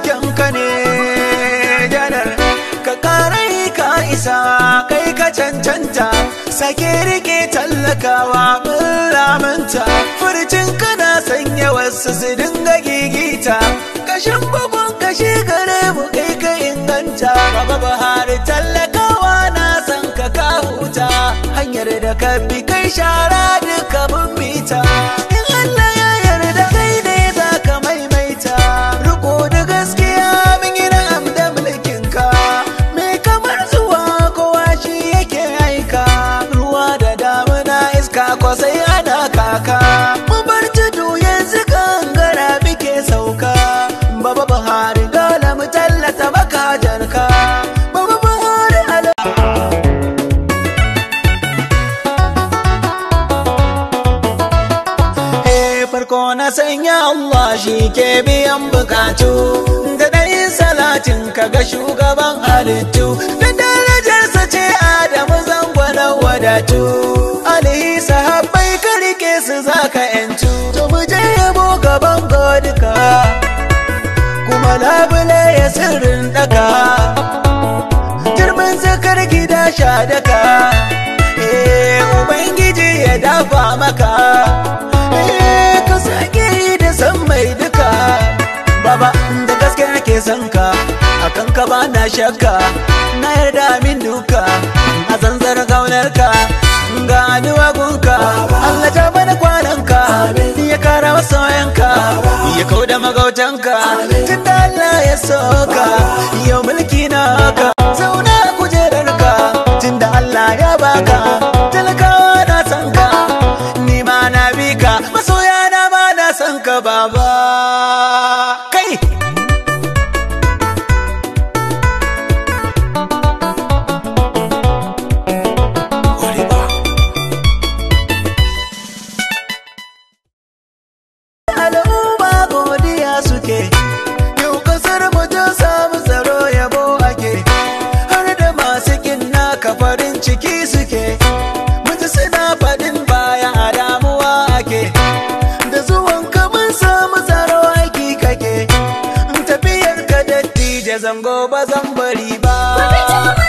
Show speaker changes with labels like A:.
A: sarkin ka ne janar ka karai ka isa kai ka cancanta sake rike tallakawa mun lamanta furcin kana sanya wasu su dinga gigita kashin bugun kashi gare mu kai ka inganta baba buhari tallakawa na san ka ka huta hanyar da ka bi kai shara duka mun mita ko na sanya Allah shi ke biyan bukatu da dai salatin ka ga shugaban halittu da darajarsa ce Adamu zangwanan wadatu alihi sahabbai ka rike su Zaka ka ‘yantu to mu je yabo gaban godika kuma labule ya sirrin ɗaka girman zakar gida sha daka eh, Ubangiji ya dafa maka ka akan ka ba na shakka na yarda min duka a zanzar gaunar ka ga gunka Allah ta bada kwananka ya kara masoyanka ya kauda magautanka tun da Allah ya soka yau mulki na ka zauna kujerarka tun da Allah ya baka talakawa na sanka ni ma na bika masoya na ma na sanka baba ciki suke mutu suna faɗin baya a damuwa ake da zuwan kamar samu tsaro aiki kake tafiyar ka dattije zango ba zan bari ba